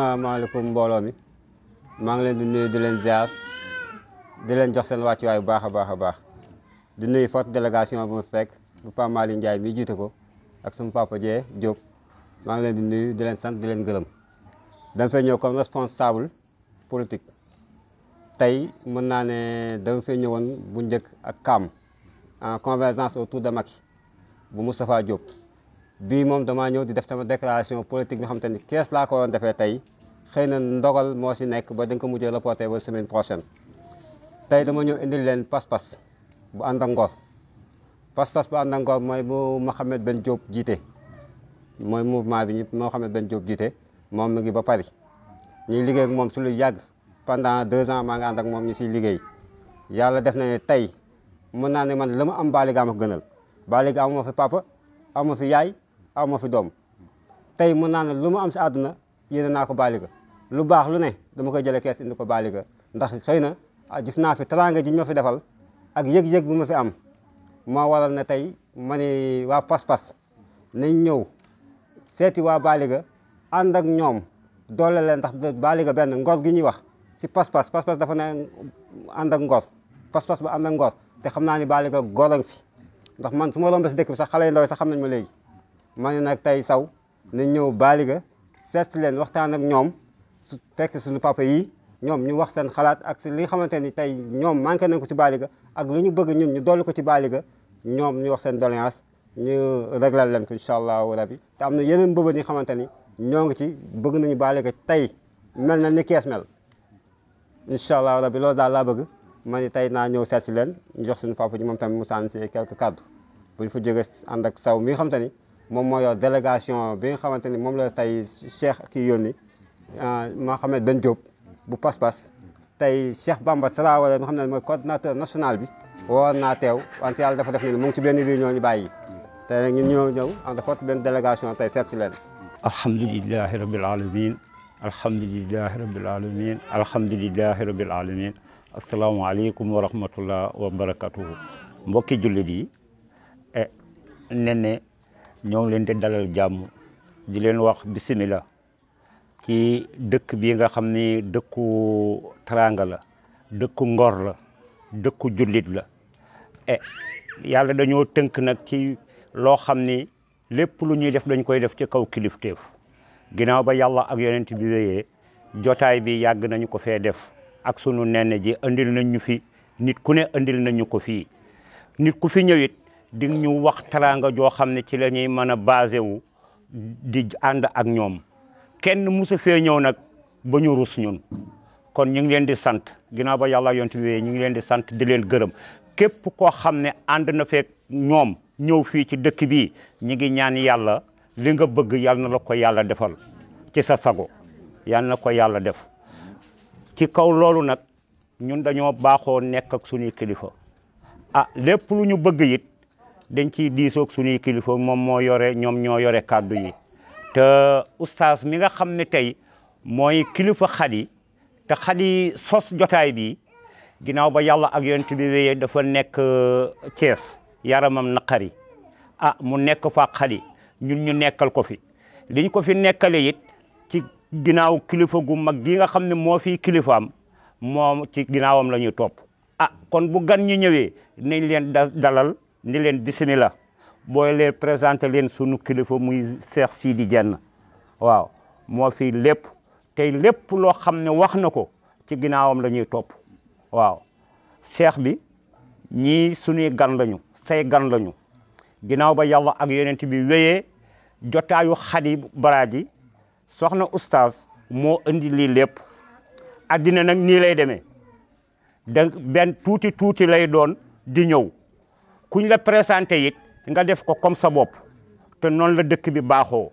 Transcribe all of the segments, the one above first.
asalaamaaleykum mbooloo mi maa ngi leen di nuyu di leen ziar di leen jox seen wàccuwaay bu baax a baax a baax di nuyu forte délégation bu ma fekk bu Pape Malick Ndiaye mi jiite ko ak sama papa Dieng Diop maa ngi leen di nuyu di leen sant di leen gërëm dama fee ñëw comme responsable politik tey mën naa ne dama fee ñëwoon bu njëkk ak kaam en convergence autour de Macky bu Moustapha Diop bii moom damaa ñëw di def sama déclaration politique bi xam te ni kees laa ko doon tey xëy na ndogal moo si nekk ba dañ ko mujjee reporté ba semaine prochaine tey dama ñëw indil leen pas-pas bu ànd ak ngor pas-pas bu ànd ak ngor mooy bu Mouhamed Ben Diop jiite mooy mouvement bi ñu Mouhamed Ben Diop jiite moom mi ngi ba pari ñuy liggéey moom su lu yàgg pendant deux ans maa ngi ak moom ñu siy liggéey yàlla def na ne tey mën naa ne ma la ma am baaligaam a gënal baaligaam ma fi papa am ma fi yaay aw ma fi doom tey mun naa ne lu mu am si àdduna yéene naa ko baaliga lu baax lu ne dama koy jële kees indi ko baaliga ndax xëy na ah, gis naa fi teraanga ji ñu fi defal ak yëg-yëg bu ma fi am moo waral ne tey ma waa pas-pas nañ ñëw seeti waa baaliga ànd ak ñoom doole leen ndax baaliga benn ngor gi ñuy wax si pas-pas pas-pas dafa ne ànd ak ngor pas-pas ba ànd ak ngor te xam naa ni baaliga góor a ngi fi ndax man su ma rombee si dëkk bi sax xale yu ndaw sax xam nañ ma léegi ma ne nag tey saw nañ ñëw baaliga seet si leen waxtaan ak ñoom su fekk suñu papa yi ñoom ñu wax seen xalaat ak li nga xamante ni tey ñoom manqué nañ ko si baaliga ak lu ñu bëgg ñun ñu dolli ko ci baaliga ñoom ñu wax seen doléance ñu réglal leen ko incha allahu rabi te am na yeneen mbëbën yi xamante ni ñoo ngi ci bëgg nañu baaliga tey mel na ni kees mel incha allahu rabi loolu daal laa bëgg ma ni tey naa ñëw seet si leen ñu suñu papa ñu moom tamit mu saan si quelques kàddu bu ñu fa jógee ànd ak saw mi nga xamante ni moom mooyo yor délégation bi nga xamante ni moom la tey Cheikh kii yónni ah, Mouhamed Ben Diop bu pas-pas tey Cheikh Bamba Traoré nga xam ne mooy coordinateur national bi woor naa teew wante yàlla dafa def ne mu ngi ci benn réunion ñu bàyyi te nag ñun ñoo ñëw en de forte benn délégation tey seet si leen alhamdulilahi rabbil alamin alhamdulilahi rabbil alamin alhamdulilahi rabbil alamin asalaamaaleykum wa rahmatullah wa barakatuhu mbokki jullit yi e ne ne ñoo ngi leen di dalal jàmm di leen wax bisimilah ci dëkk bi nga xam ni dëkku teraanga la dëkku ngor la dëkku jullit la e yàlla dañoo tënk nag ci loo xam ni lépp lu ñuy def dañ koy def ci kaw kilifteef ginnaaw ba yàlla ak yonent bi wéyee jotaay bi yàgg nañu ko fee def ak sunu nen ji andil nañ ñu fi nit ku ne andil nañ ñu ko fii nit ku fi ñëwit di ñu wax teraanga joo xam ne ci la ñuy mën a basé wu di ànd ak ñoom kenn musu fee ñëw nag ba ñu rus ñun kon ñu ngi leen di sant ginnaaw ba yàlla yonent bi ñu ngi leen di sant di leen gërëm képp koo xam ne ànd na feek ñoom ñëw fii ci dëkk bi ñu ngi ñaan yàlla li nga bëgg yàlla na la ko yàlla defal ci sa sago yàlla na ko yàlla def ci kaw loolu nag ñun dañoo baaxoo nekk ak suñuy kilifa ah lépp lu ñu bëgg it dañ ci diisoog suñuy kilifa moom moo yore ñoom ñoo yore kàddu ñi te oustaz mi nga xam ne tey mooy kilifa xadi te xadi sos jotaay bi ginnaaw ba yàlla ak yonent bi wéyee dafa nekk uh, Thiès yaramam naqari a ah, mu nekk fa xadi ñu nekkal ko fi liñ ko fi nekkale it ci ginnaaw kilifa gu mag gi nga xam ne moo fi kilifaam moom ci ginnaawam la ñuy topp ah kon bu gan ñi ñëwee nañ leen dalal ni leen bisimilah booy leen présenté leen sunu kilifa muy Cheikh Sidi Diène waaw moo fi lépp tey lépp loo xam ne wax na ko ci ginnaawam la ñuy topp waaw cheikh bi ñii sunuy gan lañu say gan lañu ginnaaw ba yàlla ak yonent bi wéyee jotaayu xadi baraaji soxna oustaz moo indi lii lépp addina nag nii lay demee da benn tuuti tuuti lay doon di ñëw kuñ la présenté it nga def ko comme sa bopp te noonu la dëkk bi baaxoo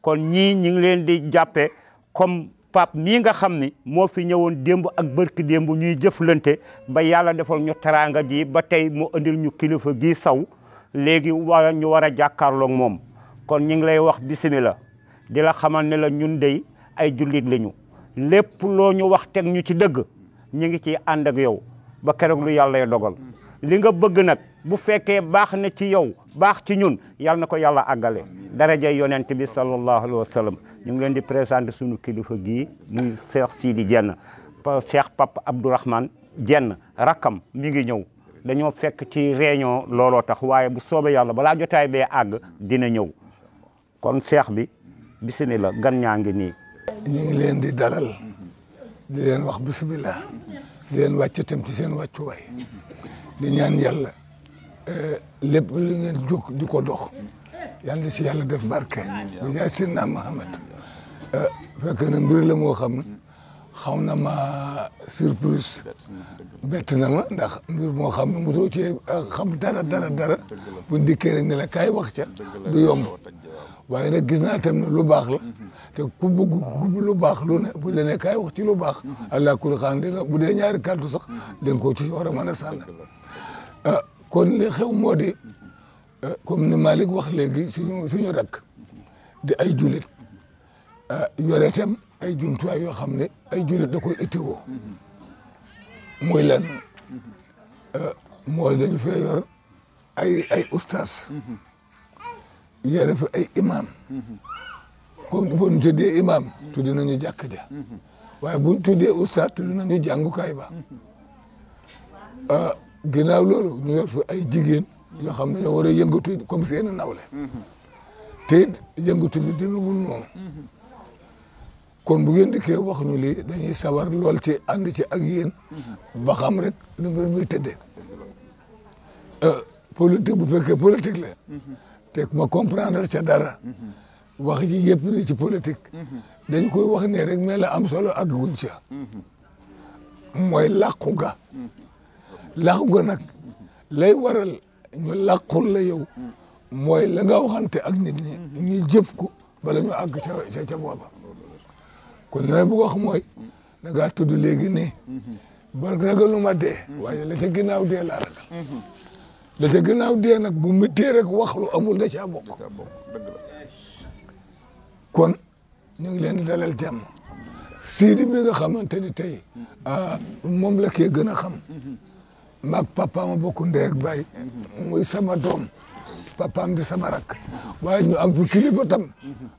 kon ñii ñi ngi leen di jàppe comme pap mii nga xam ni moo fi ñëwoon démb ak bërki démb ñuy jëflante ba yàlla defal ñu teraanga ji ba tey mu indil ñu kilifa gii saw léegi waa ñu war a jàkkaarloog moom kon ñi ngi lay wax bismillah di la xamal ne la ñun dey ay jullit lañu lépp loo ñu wax teg ñu ci dëgg ñu ngi ciy ànd ak yow ba keroog lu yàlla dogal li nga bëgg nag bu fekkee baax na ci yow baax ci ñun yal na ko yàlla àggale daraja yonent bi sallallahu alayhi wa sallam ngi leen di présenté suñu kilifa gii muy Cheikh Sidi Diène Cheikh Papa Abdourahmane jenn rakkam mi ngi ñëw dañoo fekk ci réunion looloo tax waaye bu soobee yàlla balaa jotaay bee àgg dina ñëw kon Cheikh bi bisimilah gan ñaa ngi nii. ñu di dalal di leen wax bisimilah di leen wàcc tam ci seen wàccuwaay di ñaan yàlla. Eh, lépp lu ngeen jóg dox yal na si yàlla def barke bi jaay Seydina Muhammad eh, fekk na mbir la moo xam ne xaw na ma surprise bett na ma ndax mbir moo xam ne mu too cee eh, xam dara dara dara bu dikkee rek ne la kaay wax ca du yomb waaye nag gis naa tam ne lu baax la mhm. te ku bëgg lu baax lu ne bu la ne kaay ci lu baax mhm. allah kulli xaan bu dee ñaari kàddu sax mhm. da nga koo ci war a mën a sànn kon li xew moo di eh, comme ni Malick wax léegi suñu suñu rakk di ay jullit eh, yore itam ay jumtuwaay yoo xam ne ay jullit da koy ittiwoo muy lan eh, moo dañu fee yor ay ay ustaas yore fi ay imaam comme bu ñu tuddee imaam tudd nañu jàkk ja waaye bu ñu tuddee ustaas tudd nañu jàngukaay ba ginnaaw lool ñu yor fi ay jigéen yoo xam ne ñoo war a yëngatu comme seen nawle te it yëngatu bi demewul noonu kon bu ngeen dikkee wax ñu lii dañuy sawar lool ci ànd ci ak yéen ba xam rek lu ngeen muy tëddee euh, politique bu fekkee politique la te ma comprendre ca dara wax ji yëpp ni ci politique dañ ko wax ne rek mais la am solo ak wuñ ca mooy làqu ga làqu nga nag lay waral ñu làqul la yow mooy la nga waxante ak nit ñi ñu jëf ko bala ñu àgg ca ca ca booba kon li may bëgg wax mooy da ngaa tudd léegi ne ba ragaluma dee la ca ginnaaw dee laa ginnaaw dee nag bu méttee rek wax lu amul da caa bokk kon ñu ngi leen di dalal jàmm Sidi mi nga xamante ni tey ah, moom la kee gën a xam maag papaam a bokk ndey ak baay muy sama doom papaam di sama rak waaye ñu am fi kilifa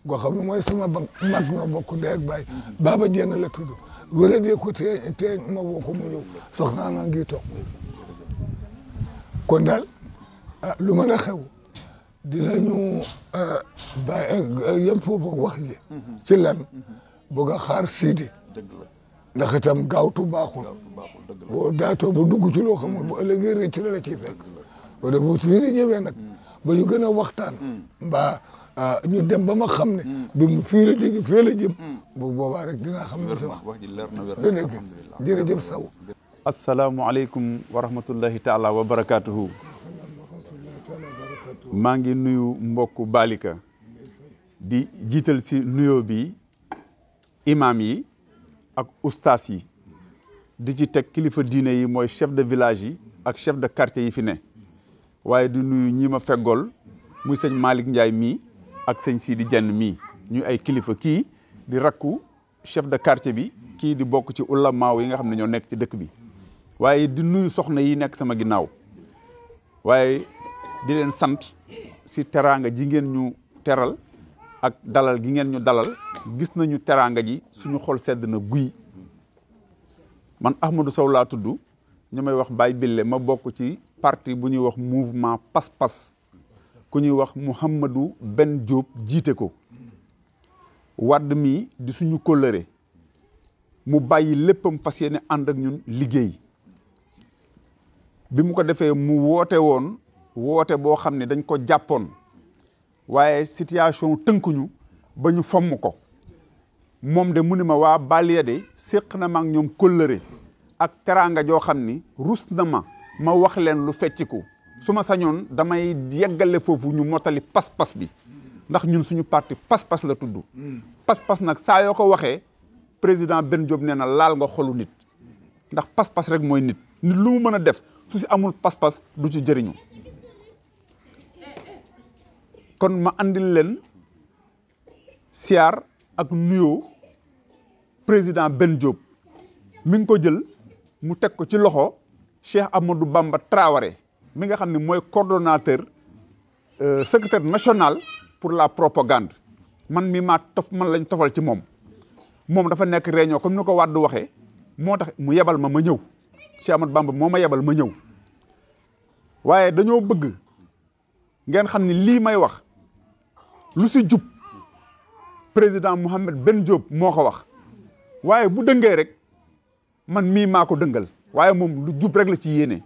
goo xam ne mooy sama mag mag ñoo bokk ndey ak baay baaba la tudd wala dee ko te te ma woo ko mu ñëw soxnaa ma ngi toog kon daal ah, lu ma a xew dinañu ah, bàyyi yem foofu wax ji ci lan bëgg a xaar siidi ndax itam gaawtu baaxul boo daatoo ba dugg ci loo xamul bu ëllëgee rëcc la la ciy fekk wala bu si di ñëwee nag hmm. ba ñu gën a waxtaan hmm. mbaa ah, ñu dem ba ma xam ne hmm. bi mu fii la jóge fii la jëm bu boobaa rek dinaa xam ne da nekk jërëjëf saw taala wa maa ngi nuyu mbokku Balika di jiital si nuyoo bi imaam yi ak ustaas yi di ci teg kilifa diine yi mooy chef de village yi ak chef de quartier yi fi ne waaye di nuyu ñi ma feggool muy sëñ Malick njaay mii ak sëñ di jenn mii ñuy ay kilifa kii di rakku chef de quartier bi kii di bokk ci ulamaaw yi nga xam ne ñoo nekk ci dëkk bi waaye di nuyu soxna yi nekk sama ginnaaw waaye di leen sant si teraanga ji ngeen ñu teral ak dalal gi ngeen ñu dalal gis nañu teraanga ji suñu xol sedd na guy man Ahmadou Sow laa tudd ñu may wax Baye Bille ma bokk ci parti bu ñuy wax mouvement pas-pas ku ñuy wax Mouhamadou benn Diop jiite ko wadd mi di suñu kóllëre mu bàyyi léppam fas yéene ànd ak ñun liggéey bi mu ko defee mu woote woon woote boo xam ne dañ ko jàppoon waaye situation tënkuñu ba ñu fomm ko moom de mu ni ma waa Balia de séq na ma ak ñoom kóllëre ak teraanga joo xam ni rus na ma ma wax leen lu fecciku su ma sañoon damay yeggale foofu ñu mottali pas-pas bi ndax ñun suñu parti pas-pas la tudd pas-pas nag saa yoo ko waxee président benn Diop nee na laal nga xolu nit ndax pas-pas rek mooy nit nit lu mu mën a def su si amul pas-pas du ci jëriñu kon ma andil leen siyaar ak nuyoo président Ben Diop mi ngi ko jël mu teg ko ci loxo Cheikh Amadou Bamba Traoré mi nga xam ni mooy coordonnateur euh, secrétaire national pour la propagande man mii ma tof man lañ tofal ci moom moom dafa nekk réunion kom ni ko Wade waxee moo tax mu yebal ma ma ñëw Cheikh Amadou Bamba moo ma yebal ma ñëw waaye dañoo bëgg ngeen xam ni lii may wax lu si jub président Mouhamed Ben Diop moo ko wax waaye bu dëngee rek man mii maa ko dëngal waaye moom lu jub rek la ci yéene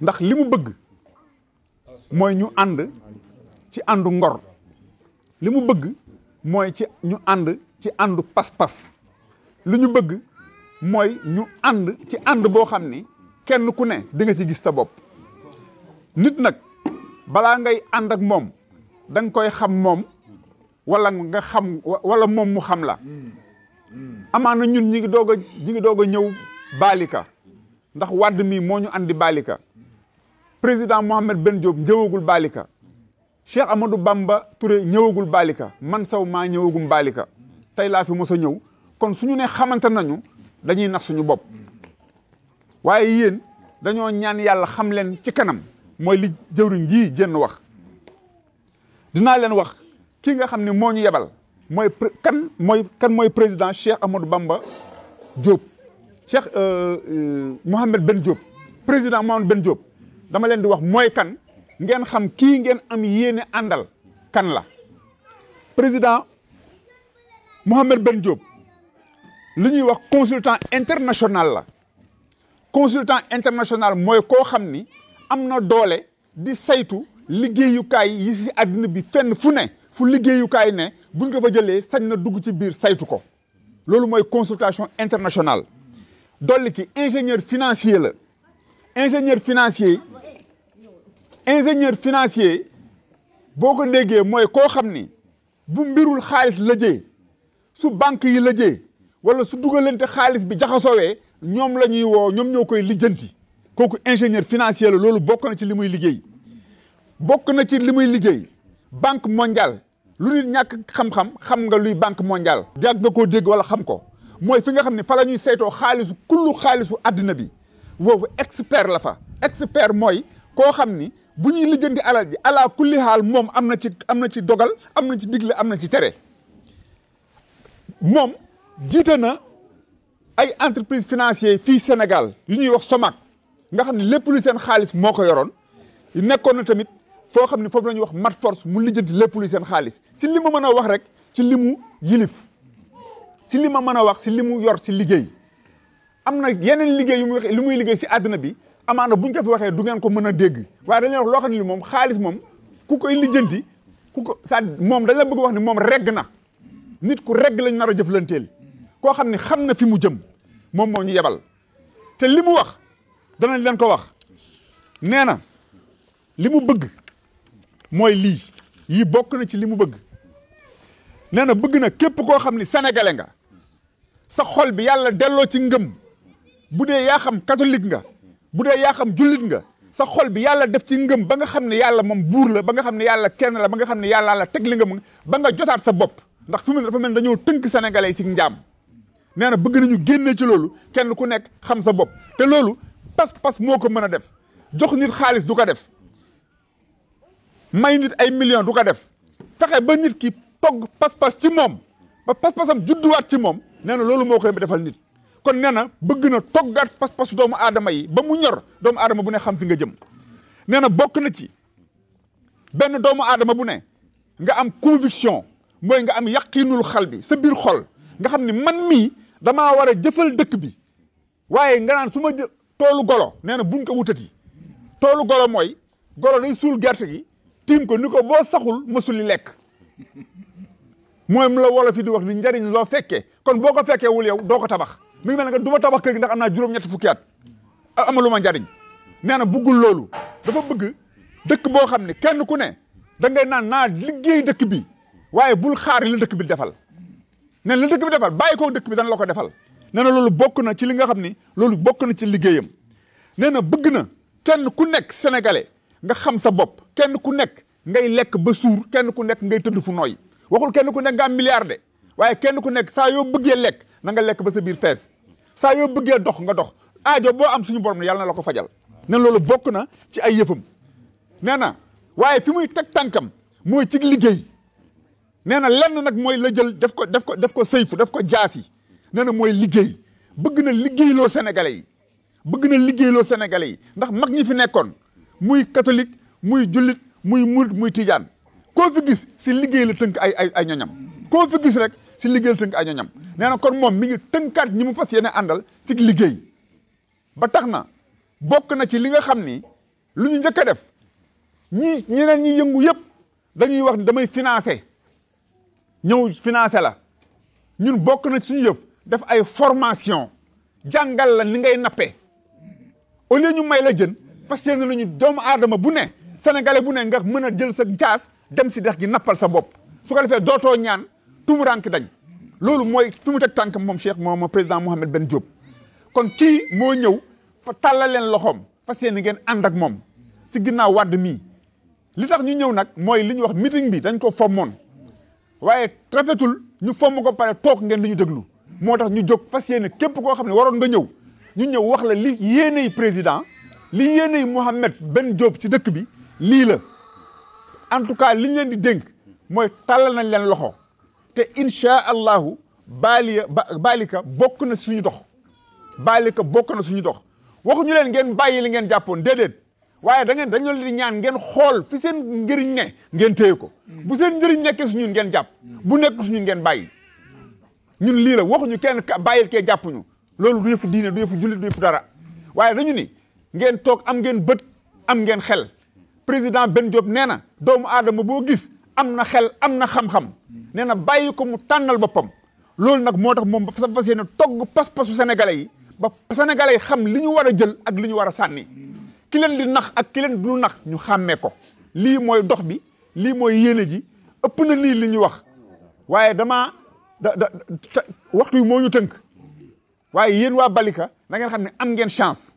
ndax li mu bëgg mooy ñu ànd ci àndu ngor li mu bëgg mooy ci ñu ànd ci àndu pas-pas li ñu bëgg mooy ñu ànd ci ànd boo xam ni kenn ku ne di nga ci gis sa bopp nit nag balaa ngay ànd ak moom da nga koy xam moom walla nga xam wala moom mu xam la na ñun ñi ngi doog a ñi ngi doog a ñëw balika ndax wàdd mii moo ñu andi baalika président Mohamed Ben Diop ñëwagul baalika Cheikh Amadou Bamba Touré ñëwagul baalika man saw maa ñëwagum baalika tey laa fi mos a ñëw kon suñu ne xamante nañu dañuy nax suñu bopp waaye yéen dañoo ñaan yàlla xam leen ci kanam mooy li jëwriñ jii jënn wax dinaa leen wax kii nga xam ne moo ñu yebal mooy kan mooy kan mooy président Cheikh Amadou Bamba Diop Cheikh euh, euh, Mohamed Ben Diop président Mohamed Ben Diop dama leen di wax mooy kan ngeen xam kii ngeen am yéene àndal kan la président Mohamed Ben Diop li ñuy wax consultant international la consultant international mooy koo xam ni am na doole di saytu liggéeyukaay yi si àddina bi fenn fu ne fu liggéeyu liggéeyukaay ne buñ ko fa jëlee sañ na dugg ci biir saytu ko loolu mooy consultation internationale dolli ki ingénieur financier la ingénieur financier ingénieur financier boo ko déggee mooy koo xam ni bu mbirul xaalis lëjee su banque yi lëjee wala su dugalante xaalis bi jaxasoowee ñoom la ñuy woo ñoom ñoo koy lijjanti kooku ingénieur financier la loolu bokk na ci li muy liggéey bokk na ci banque mondiale lu nit ñàkk xam-xam xam nga luy banque mondiale jàng nga koo Moi wala xam ko mooy fi nga xam ne fa la ñuy saytoo kullu bi expert la fa expert moi, koo xam ni bu ñuy lijjanti alal ji ala kulli xaal moom am ci ci dogal am ci digle am na ci dit on jiite na ay entreprise financière fii Sénégal yu ñuy wax SOMAC nga xam ne lépp lu seen xaalis moo ko tamit foo xam ne foofu la ñuy wax mat force mu lijjanti lépp luy seen xaalis si li ma mën a wax rek ci li mu yilif si li ma mën a wax si li mu yor si liggéey am na yeneen liggéey yu muy li muy liggéey si àddina bi amaana buñ ko fi waxee du ngeen ko mën a dégg waaye dañuy wax loo xam moom xaalis moom ku koy lijjanti ku ko sa moom dañ la bëgg wax ni moom regg na nit ku regg lañ nar a jëflanteel koo xam ne xam na fi mu jëm moom moo ñu yebal te li mu wax danañ leen ko wax nee na li mu bëgg mooy lii yii bokk na ci li mu bëgg nee na bëgg na képp koo xam ni sénégalais nga sa xol bi yàlla delloo ci ngëm bu dee yaa xam catholique nga bu dee yaa xam jullit nga sa xol bi yàlla def ci ngëm ba nga xam ne yàlla moom buur la ba nga xam ne yàlla kenn la ba nga xam ne yàlla la teg li nga mën ba nga jotaat sa bopp ndax fi mu ne dafa mel dañoo tënk sénégalais si njaam nee na bëgg nañu génne ci loolu kenn ku nekk xam sa bopp te loolu pas-pas moo ko mën a def jox nit xaalis du ko def may nit ay millions du ko def fexé ba nit ki tog pas-pas ci mom ba pas-pasam wat ci mom néna lolu mo moo koy defal nit kon néna bëgg na pas-pasu doomu adamai, yi ba mu ñor doomu adama bu ne xam fi nga jëm néna bok na ci ben doomu adama bu ne nga am conviction moy nga am yaqinul khalbi sa bir xol nga xam ni man mi dama wara jëfël dëkk bi waye nga nan suma tolu golo néna buñ ko wutati tolu golo moy golo lay sul gerte tiim ko ni ko boo saxul mësuli lekk mooy mu la wolof yi di wax ni njariñ loo fekkee kon boo ko fekkee wul yow doo ko tabax mi ngi mel ne du ma tabax kër ndax am naa juróom-ñetti fukki at amalu ma njariñ nee na bëggul loolu dafa bëgg dëkk boo xam ne kenn ku ne da ngay naan naa liggéey dëkk bi waaye bul xaar la dëkk bi defal ne la dëkk bi defal bàyyi ko dëkk bi dana la ko defal nee na loolu bokk na ci li nga xam ni loolu bokk na ci liggéeyam nee na bëgg na kenn ku nekk sénégalais nga xam sa bop kenn ku nek ngay lek ba sour kenn ku nek ngay teud fu noy waxul kenn ku nek nga am milliard de waaye kenn ku nek sa yo beugé lek na nga lek ba sa bir fess sa yo beugé dox nga dox aajo bo am suñu borom yàlla na la ko fajal ne lolu bok na ci ay yefum nee na waaye fi muy tek tànkam moy ci liggéey nee na lenn nak moy la jël def ko def ko def ko sëyfu def ko jaasi nee na mooy liggéey bëgg na lo sénégalais yi bëgg na lo sénégalais yi ndax mag ñi fi nekkon muy catholique muy jullit muy murit muy tijaan koo fi gis si liggéey la tënk ay ay ay koo fi rek si liggéey tënk ay ñoñam nee kon moom mi ngi tënkaat ñi mu fas yéene àndal si liggéey ba tax na bokk na ci li nga xam ni lu ñu njëkk a def ñi ñeneen ñi yëngu yëpp dañuy wax ni damay financé ñëw financé la ñun bokk na ci suñu yëf def ay formation jàngal la ni ngay nappe au lieu ñu may la jën parce que nañu doomu aadama bu ne sénégalais bu ne nga mën a jël sa jaas dem si dex gi nappal sa bopp su ko defee dootoo ñaan tumurank dañ loolu mooy fi mu teg tànk moom Cheikh moom président Mouhamed Ben Diop kon kii moo ñëw fa tàllal leen loxoom fas yéene ngeen ànd ak moom si ginnaaw wàdd mii li tax ñu ñëw nag mooy li ñuy wax meeting bi dañ ko fommoon waaye rafetul ñu fomm ko pare toog ngeen li ñu déglu moo tax ñu jóg fas yéene képp koo xam ne waroon nga ñëw ñu ñëw wax la li yéeney président li yéenay Mouhamed Ben Diop ci dëkk bi lii la en tout cas liñ leen di dénk mooy tàllal nañ leen loxo te incha allahu baaliya baalika bokk na suñu dox baalika bokk na suñu dox waxuñu leen ngeen bàyyi li ngeen jàppoon déedéet waaye da dañoo leen di ñaan ngeen xool fi seen njëriñ ne ngeen téye ko bu seen njëriñ nekkee suñu ngeen jàpp bu nekk suñu ngeen bàyyi ñun lii la waxuñu kenn bàyyil kee jàppuñu loolu du yëfu diine du yëfu jullit du yëfu dara waaye dañu ni ngeen toog am ngeen bët am ngeen xel président benn Diop nee na doomu aadama boo gis am na xel am na xam-xam nee na bàyyi ko mu tànnal boppam loolu nag moo tax moom ba fas yéene togg pas-pasu sénégalais yi ba sénégalais yi xam li ñu war a jël ak li ñu war a sànni kileen leen di nax ak kileen leen du nax ñu xàmmee ko lii mooy dox bi lii mooy yéene ji ëpp na lii li ñu wax waaye damaa da da waxtu yi moo ñu tënk waaye yéen waa Balika na ngeen xam ne am ngeen chance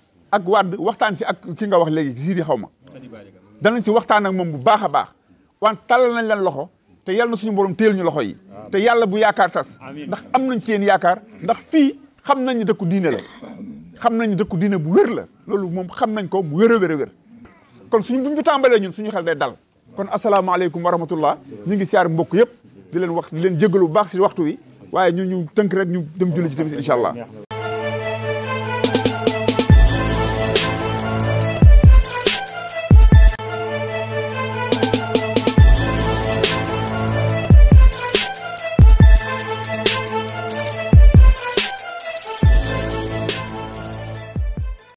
ak Wade waxtaan si ak ki nga wax léegi Sidi xaw ma danañ si waxtaan ak moom bu baax a baax waan tàllal nañ leen loxo te yàlla na suñu borom téel ñu loxo yi te yàlla bu yaakaar tas ndax am nañ seen yaakaar ndax fii xam nañ dëkku diine la xam nañ dëkku diine bu wér la loolu moom xam nañ ko bu wér a wér a wér kon suñu bu ñu fi tàmbalee ñun suñu xel day dal kon asalaamaaleykum wa rahmatullah ñu ngi siyaar mbokk yëpp di leen wax di leen jégalu bu baax si waxtu wi waaye ñu ñu tënk rek ñu dem julli ci tamit incha allah